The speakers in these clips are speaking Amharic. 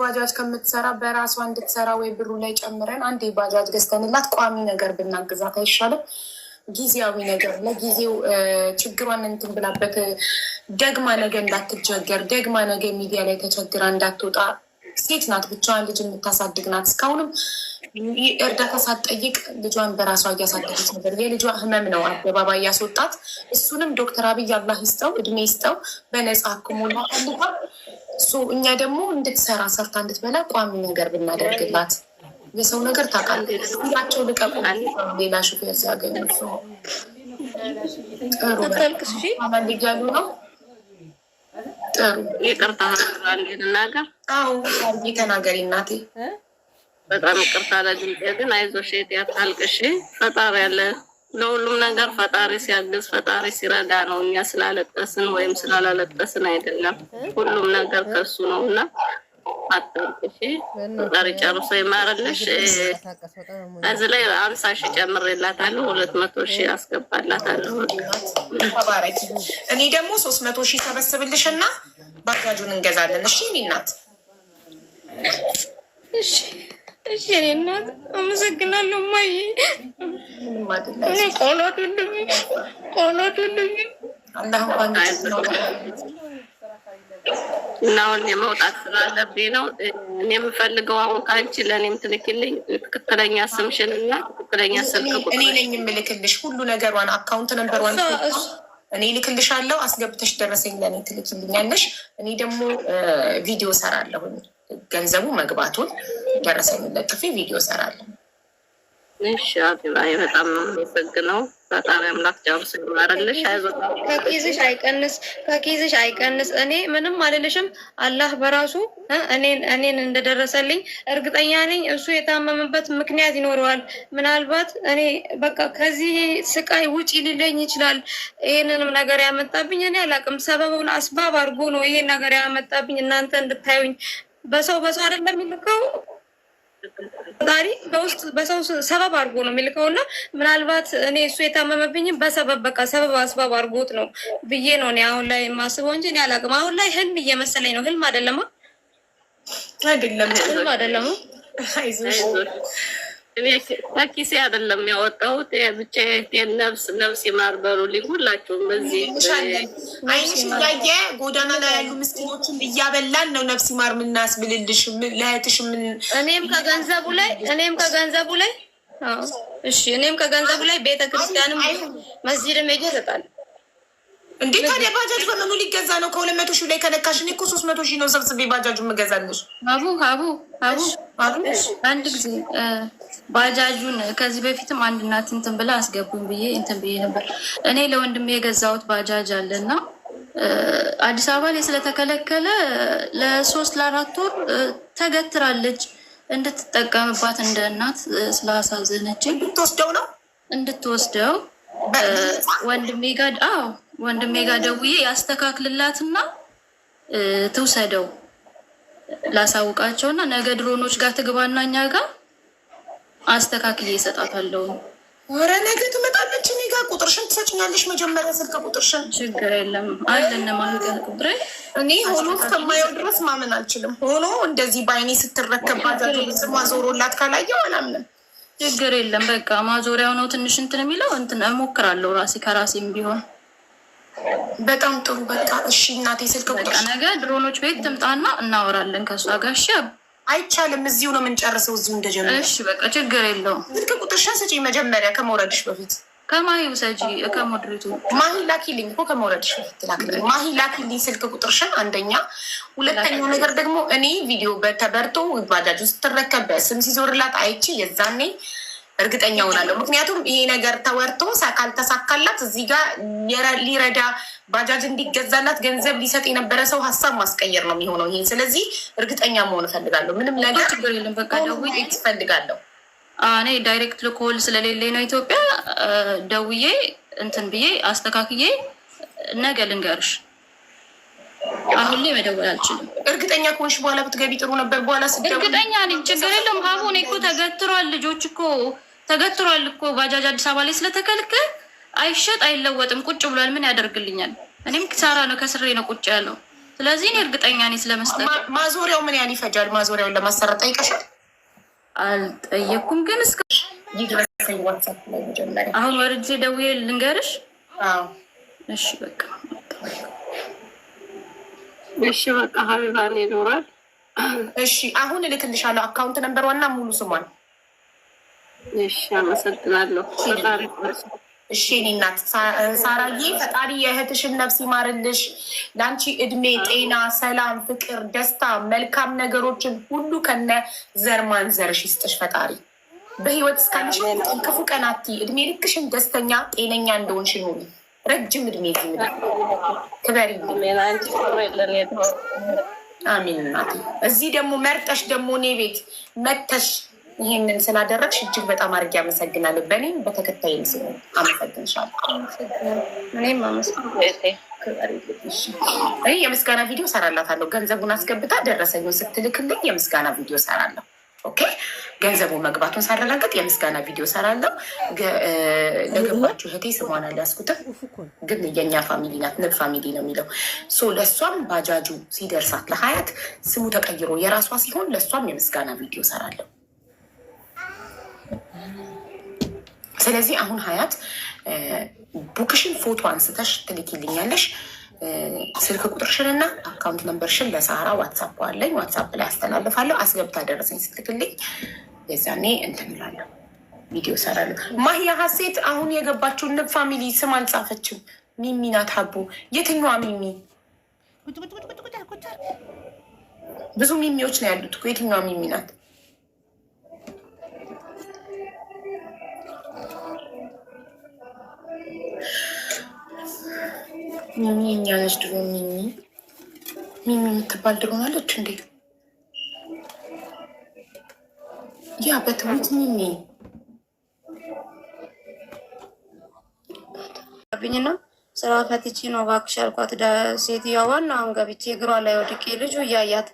ባጃጅ ከምትሰራ በራሷ እንድትሰራ ወይ ብሩ ላይ ጨምረን አንዴ ባጃጅ ገዝተንላት ቋሚ ነገር ብናግዛት አይሻልም? ጊዜያዊ ነገር ለጊዜው ችግሯን እንትን ብላበት ደግማ ነገ እንዳትቸገር ደግማ ነገ ሚዲያ ላይ ተቸግራ እንዳትወጣ። ሴት ናት፣ ብቻዋን ልጅ የምታሳድግ ናት። እስካሁንም እርዳታ ሳትጠይቅ ልጇን በራሷ እያሳደገች ነበር። የልጇ ህመም ነው አደባባይ እያስወጣት። እሱንም ዶክተር አብይ አላህ ይስጠው፣ እድሜ ይስጠው፣ በነጻ ህክምና ፈልጓል። እሱ እኛ ደግሞ እንድትሰራ ሰርታ እንድትበላ ቋሚ ነገር ብናደርግላት። የሰው ነገር ታውቃለህ። ሁላቸው ልቀቁ፣ ሌላ ሹፌር ሲያገኙ እያሉ ነው። ጥሩ ይቅርታ ልናገር። ተናገሪ እናቴ። በጣም ይቅርታ ለድምጤ ግን አይዞሽ፣ አታልቅሽ። ፈጣሪ ያለ ለሁሉም ነገር ፈጣሪ ሲያግዝ ፈጣሪ ሲረዳ ነው። እኛ ስላለቀስን ወይም ስላላለቀስን አይደለም። ሁሉም ነገር ከሱ ነው እና አታልቅሽ። ፈጣሪ ጨርሶ ይማርልሽ። እዚህ ላይ አምሳ ሺህ ጨምሬላታለሁ። ሁለት መቶ ሺ አስገባላታለሁ። እኔ ደግሞ ሶስት መቶ ሺህ ሰበስብልሽ እና ባጃጁን እንገዛለን። እሺ ሚናት እሺ እኔ እናት አመሰግናለሁ። ማይ እኔ ቆሎ ዱልኝ እና አሁን የመውጣት ነው። እኔ የምፈልገው አሁን ከአንቺ ለእኔም ትልክልኝ ትክክለኛ ስምሽን እና ትክክለኛ ስልክ ቁጥር እኔ ነኝ የምልክልሽ ሁሉ ነገሯን አካውንት እኔ ልክልሻለሁ። አስገብተሽ ደረሰኝ ለእኔ ትልክልኛለሽ። እኔ ደግሞ ቪዲዮ ሰራለሁኝ ገንዘቡ መግባቱን ደረሰኝ ለጥፌ ቪዲዮ ሰራለሁ። እሺ አቢባ በጣም ነው የሚፈግነው። ፈጣሪ አምላክ ጨርሶ ይማረልሽ። ከኪዝሽ አይቀንስ፣ ከኪዝሽ አይቀንስ። እኔ ምንም አልልሽም። አላህ በራሱ እኔን እኔን እንደደረሰልኝ እርግጠኛ ነኝ። እሱ የታመመበት ምክንያት ይኖረዋል። ምናልባት እኔ በቃ ከዚህ ስቃይ ውጪ ሊለኝ ይችላል። ይህንንም ነገር ያመጣብኝ እኔ አላቅም። ሰበቡን አስባብ አድርጎ ነው ይሄን ነገር ያመጣብኝ። እናንተ እንድታዩኝ በሰው በሰው አይደለም የሚልከው ፈጣሪ በውስጥ በሰው ሰበብ አድርጎ ነው የሚልከው እና ምናልባት እኔ እሱ የታመመብኝም በሰበብ በቃ ሰበብ አስባብ አድርጎት ነው ብዬ ነው አሁን ላይ የማስበው እንጂ እኔ አላውቅም። አሁን ላይ ህልም እየመሰለኝ ነው። ህልም አይደለማ፣ ህልም አይደለም። እኔ ከኪሴ አይደለም ያወጣሁት ብቻ ነብስ ነፍስ ይማር በሉልኝ። ሁላችሁም በዚህ አይንሽ እያየ ጎዳና ላይ ያሉ ምስኪኖችን እያበላን ነው ነብስ ይማር የምናስብልልሽ ለእህትሽ። እኔም ከገንዘቡ ላይ እኔም ከገንዘቡ ላይ እሺ እኔም ከገንዘቡ ላይ ቤተክርስቲያንም ክርስቲያንም መስጂድም ሄጄ እሰጣለሁ። እንዴ ታዲያ ባጃጅ በምኑ ሊገዛ ነው? ከሁለት መቶ ሺህ ላይ ከነካሽ እኔ እኮ ሶስት መቶ ሺህ ነው ሰብስቤ ባጃጁ የምገዛልሽ። አቡ አቡ አቡ አንድ ጊዜ ባጃጁን ከዚህ በፊትም አንድ እናት እንትን ብላ አስገቡኝ ብዬ እንትን ብዬ ነበር። እኔ ለወንድሜ የገዛሁት ባጃጅ አለ እና አዲስ አበባ ላይ ስለተከለከለ ለሶስት ለአራት ወር ተገትራለች እንድትጠቀምባት እንደ እናት ስላሳዘነች እንድትወስደው ነው እንድትወስደው ወንድሜ ጋ ወንድሜ ጋ ደውዬ ያስተካክልላትና ትውሰደው ላሳውቃቸውና ነገ ድሮኖች ጋር ትግባና እኛ ጋር አስተካክዬ እሰጣታለሁ። ወረ ነገ ትመጣለች እኔ ጋር ቁጥርሽን ትሰጭኛለሽ። መጀመሪያ ስልክ ቁጥርሽን ችግር የለም አለነ ማለት ቁጥር እኔ ሆኖ እስከማየው ድረስ ማመን አልችልም። ሆኖ እንደዚህ በአይኔ ስትረከባት ማዞሮላት ካላየው አላምንም። ችግር የለም በቃ ማዞሪያው ነው ትንሽ እንትን የሚለው እንትን እሞክራለሁ ራሴ ከራሴም ቢሆን በጣም ጥሩ በቃ እሺ እናቴ ስልክ ቁጥር ነገ ድሮኖች ቤት ትምጣና እናወራለን ከእሷ ጋር እሺ አይቻልም እዚሁ ነው የምንጨርሰው እዚሁ እንደጀመረ እሺ በቃ ችግር የለውም ስልክ ቁጥርሽን ስጪኝ መጀመሪያ ከመውረድሽ በፊት ከማሂ ውሰጂ ከሞድሪቱ ማሂ ላኪልኝ እኮ ከመውረድሽ በፊት ላኪልኝ ማሂ ላኪልኝ ስልክ ቁጥርሽን አንደኛ ሁለተኛው ነገር ደግሞ እኔ ቪዲዮ በተበርቶ ውስጥ ትረከብ በስም ሲዞርላት አይቼ የዛኔ እርግጠኛ ሆናለሁ። ምክንያቱም ይሄ ነገር ተወርቶ ካልተሳካላት እዚህ ጋር ሊረዳ ባጃጅ እንዲገዛላት ገንዘብ ሊሰጥ የነበረ ሰው ሀሳብ ማስቀየር ነው የሚሆነው ይሄ። ስለዚህ እርግጠኛ መሆን እፈልጋለሁ። ምንም ነገር ችግር የለም። በቃ እፈልጋለሁ። እኔ ዳይሬክት ልኮል ስለሌለኝ ነው ኢትዮጵያ ደውዬ እንትን ብዬ አስተካክዬ ነገ ልንገርሽ። አሁን ላይ መደወል አልችልም። እርግጠኛ ከሆንሽ በኋላ ብትገቢ ጥሩ ነበር። በኋላ እርግጠኛ ነኝ። ችግር የለም አሁን እኮ ተገትሯል። ልጆች እኮ ተገትሯል እኮ ባጃጅ አዲስ አበባ ላይ ስለተከልከል አይሸጥ አይለወጥም፣ ቁጭ ብሏል። ምን ያደርግልኛል? እኔም ኪሳራ ነው፣ ከስሬ ነው ቁጭ ያለው። ስለዚህ እኔ እርግጠኛ ነኝ ስለመስጠት። ማዞሪያው ምን ያህል ይፈጃል? ማዞሪያውን ለማሰራት ጠይቀሻል? አልጠየኩም፣ ግን እስከ አሁን ወርጄ ደውዬ ልንገርሽ። እሺ በቃ እሺ በቃ ሀቢባ ኖራል። እሺ አሁን እልክልሻለሁ አካውንት ነበር ዋና ሙሉ ስሟል እሺ፣ አመሰግናለሁ። እናት ሳራዬ ፈጣሪ የእህትሽን ነፍስ ይማርልሽ። ለአንቺ እድሜ፣ ጤና፣ ሰላም፣ ፍቅር፣ ደስታ፣ መልካም ነገሮችን ሁሉ ከነ ዘርማን ዘርሽ ይስጥሽ ፈጣሪ። በህይወት እስካልሽ ክፉ ቀናቲ እድሜ ልክሽን ደስተኛ ጤነኛ እንደሆንሽ ሆኑ ረጅም እድሜ ዝምድ ክበሪ። አሚን እናቴ። እዚህ ደግሞ መርጠሽ ደግሞ እኔ ቤት መተሽ ይህንን ስላደረግሽ እጅግ በጣም አድርጌ አመሰግናለሁ። በእኔም በተከታይ ምስ አመሰግንሻለሁ። የምስጋና ቪዲዮ ሰራላታለሁ። ገንዘቡን አስገብታ ደረሰኝ ስትልክልኝ የምስጋና ቪዲዮ ሰራለሁ። ኦኬ ገንዘቡ መግባቱን ሳረጋግጥ የምስጋና ቪዲዮ ሰራለሁ። ለገባችሁ እህቴ ስሟን አልያዝኩትም፣ ግን የእኛ ፋሚሊ ናት። ንብ ፋሚሊ ነው የሚለው ሶ ለእሷም ባጃጁ ሲደርሳት ለሀያት ስሙ ተቀይሮ የራሷ ሲሆን ለእሷም የምስጋና ቪዲዮ ሰራለሁ። ስለዚህ አሁን ሀያት ቡክሽን ፎቶ አንስተሽ ትልኪልኛለሽ። ስልክ ቁጥርሽንና አካውንት ነንበርሽን ለሳራ ዋትሳፕ አለኝ፣ ዋትሳፕ ላይ አስተላልፋለሁ። አስገብታ ደረሰኝ ስትልክልኝ የዛኔ እንትን እላለሁ፣ ቪዲዮ ሰራል ማህያ ሀሴት አሁን የገባችውን ንብ ፋሚሊ ስም አልጻፈችም። ሚሚ ናት። ሀቡ የትኛዋ ሚሚ? ብዙ ሚሚዎች ነው ያሉት። የትኛዋ ሚሚ ናት? ሚሚ የኛ ድሮ ሚሚ ሚሚ የምትባል ድሮ ናለች እንዴ? ያ በትምህርት ሚሚ ብኝና ስራ ፈትቼ ነው እባክሽ አልኳት። ሴትዮዋን አሁን ገብቼ እግሯ ላይ ወድቄ ልጁ እያያት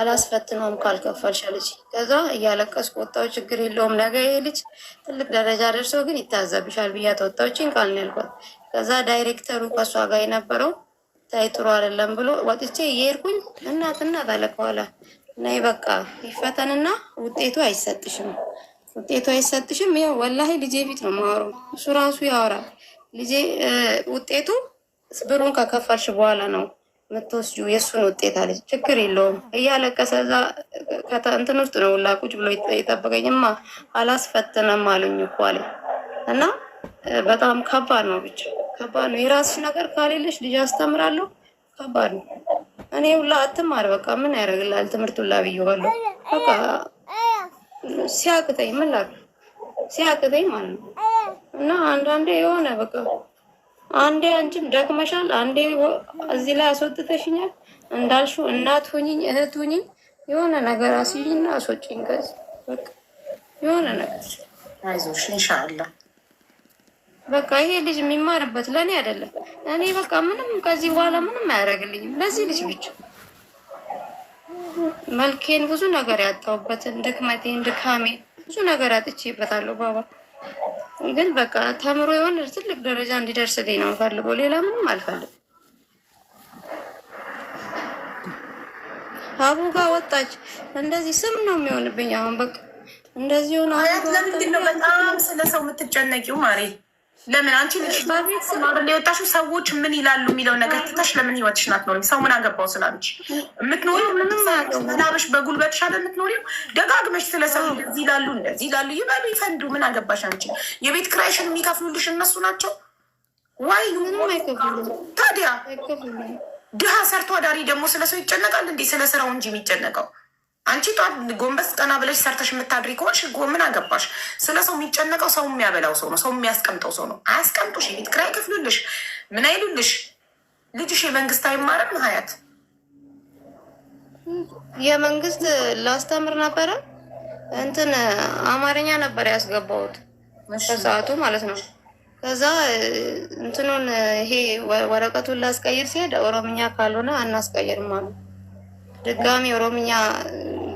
አላስፈትነውም ካልከፈልሽ አለች። ከዛ እያለቀስኩ ወጣሁ። ችግር የለውም ነገ ይሄ ልጅ ትልቅ ደረጃ ደርሶ ግን ይታዘብሻል ብያ ተወጣዎችን ቃል ነው ያልኳት። ከዛ ዳይሬክተሩ ከሷ ጋር የነበረው ታይ ጥሩ አይደለም ብሎ ወጥቼ እየሄድኩኝ እናት እናት አለ ከኋላ ነይ በቃ ይፈተንና ውጤቱ አይሰጥሽም፣ ውጤቱ አይሰጥሽም። ያው ወላሂ ልጄ ፊት ነው የማወራው። እሱ ራሱ ያወራል ልጄ ውጤቱ ብሩን ከከፈልሽ በኋላ ነው የምትወስጂው የእሱን ውጤት አለች። ችግር የለውም እያለቀሰ እዛ እንትን ውስጥ ነው ቁጭ ብሎ የጠበቀኝማ አላስፈትንም አሉኝ እኮ አለ እና በጣም ከባድ ነው። ብቻ ከባድ ነው። የራስሽ ነገር ካሌለሽ ልጅ አስተምራለሁ ከባድ ነው። እኔ ሁላ አትማር በቃ ምን ያደርግልሃል? ትምህርት ሁላ ብዬዋለሁ። በቃ ሲያቅተኝ ምን ላ ሲያቅተኝ ማለት ነው እና አንዳንዴ የሆነ በቃ አንዴ አንቺም ደክመሻል፣ አንዴ እዚህ ላይ አስወጥተሽኛል። እንዳልሹ እናት ሁኝኝ እህት ሁኝኝ የሆነ ነገር አስይኝና አስወጭኝ። ገዝ የሆነ ነገር አይዞሽ በቃ ይሄ ልጅ የሚማርበት ለእኔ አይደለም። እኔ በቃ ምንም ከዚህ በኋላ ምንም አያደርግልኝም ለዚህ ልጅ ብቻ መልኬን ብዙ ነገር ያጣሁበትን ድክመቴን፣ ድካሜ ብዙ ነገር አጥቼበታለሁ ባባ ግን በቃ ተምሮ የሆነ ትልቅ ደረጃ እንዲደርስልኝ ነው የምፈልገው። ሌላ ምንም አልፈልግ። አቡ ጋር ወጣች። እንደዚህ ስም ነው የሚሆንብኝ አሁን በቃ እንደዚህ ሆነ። ለምንድን ነው በጣም ስለሰው የምትጨነቂው ማሬ? ለምን አንቺ ልጅ ቤት ስኖር የወጣሽው ሰዎች ምን ይላሉ የሚለው ነገር ትታሽ ለምን ህይወትሽ ናት ኖሪ። ሰው ምን አገባው ስላልች የምትኖሪው ምንም ናበሽ በጉልበትሽ አለ የምትኖሪው። ደጋግመሽ ስለሰው እንደዚህ ይላሉ እንደዚህ ይላሉ ይበሉ ይፈንዱ፣ ምን አገባሽ አንቺ። የቤት ክራይሽን የሚከፍሉልሽ እነሱ ናቸው ወይ? ታዲያ ድሃ ሰርቶ አዳሪ ደግሞ ስለሰው ይጨነቃል እንዴ? ስለ ስራው እንጂ የሚጨነቀው አንቺ ጧት ጎንበስ ቀና ብለሽ ሰርተሽ የምታድሪ ከሆንሽ ምን አገባሽ? ስለ ሰው የሚጨነቀው ሰው የሚያበላው ሰው ነው። ሰው የሚያስቀምጠው ሰው ነው። አያስቀምጡሽ፣ የቤት ክራይ ክፍሉልሽ፣ ምን አይሉልሽ። ልጅሽ የመንግስት አይማርም። ሀያት የመንግስት ላስተምር ነበረ እንትን አማርኛ ነበር ያስገባሁት በሰዓቱ ማለት ነው። ከዛ እንትኑን ይሄ ወረቀቱን ላስቀይር ሲሄድ ኦሮምኛ ካልሆነ አናስቀይርም አሉ። ድጋሚ ኦሮምኛ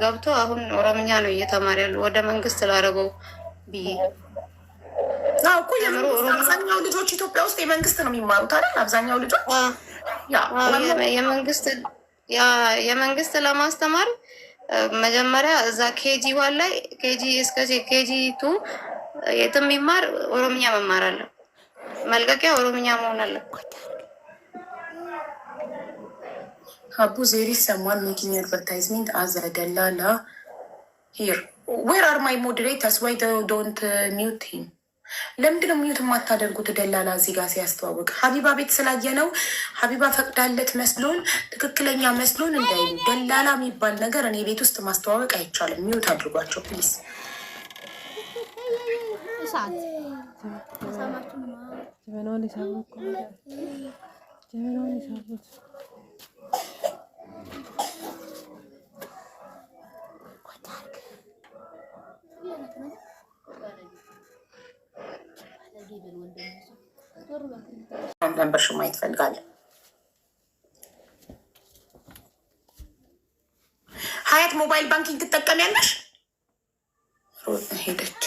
ገብቶ አሁን ኦሮምኛ ነው እየተማረ ያሉ ወደ መንግስት ላደረገው ብዬ እኮ አብዛኛው ልጆች ኢትዮጵያ ውስጥ የመንግስት ነው የሚማሩት አይደል? አብዛኛው ልጆች የመንግስት ለማስተማር መጀመሪያ እዛ ኬጂ ዋን ላይ ኬጂ እስከ ኬጂ ቱ የትም የሚማር ኦሮምኛ መማር አለ። መልቀቂያ ኦሮምኛ መሆን አለ። አቡ ዜር ኢዝ ሰምዋን ሜኪንግ አድቨርታይዝመንት አዝ ደላላ ሂር ዌር አር ማይ ሞዴሬተርስ ዋይ ዶንት ሚውት ሂም ለምንድነው ሚዩት የማታደርጉት? ደላላ እዚህ ጋር ሲያስተዋውቅ ሀቢባ ቤት ስላየ ነው። ሀቢባ ፈቅዳለት መስሎን ትክክለኛ መስሎን እንዳይሉ ደላላ የሚባል ነገር እኔ ቤት ውስጥ ማስተዋወቅ አይቻልም። ሚዩት አድርጓቸው ፕሊዝ። ጀበናውን የሳቡት ጀበናውን የሳቡት ነበር ማየት ፈልጋለን። ሀያት ሞባይል ባንኪንግ ትጠቀሚያለሽ? ሮጥ ሄደች።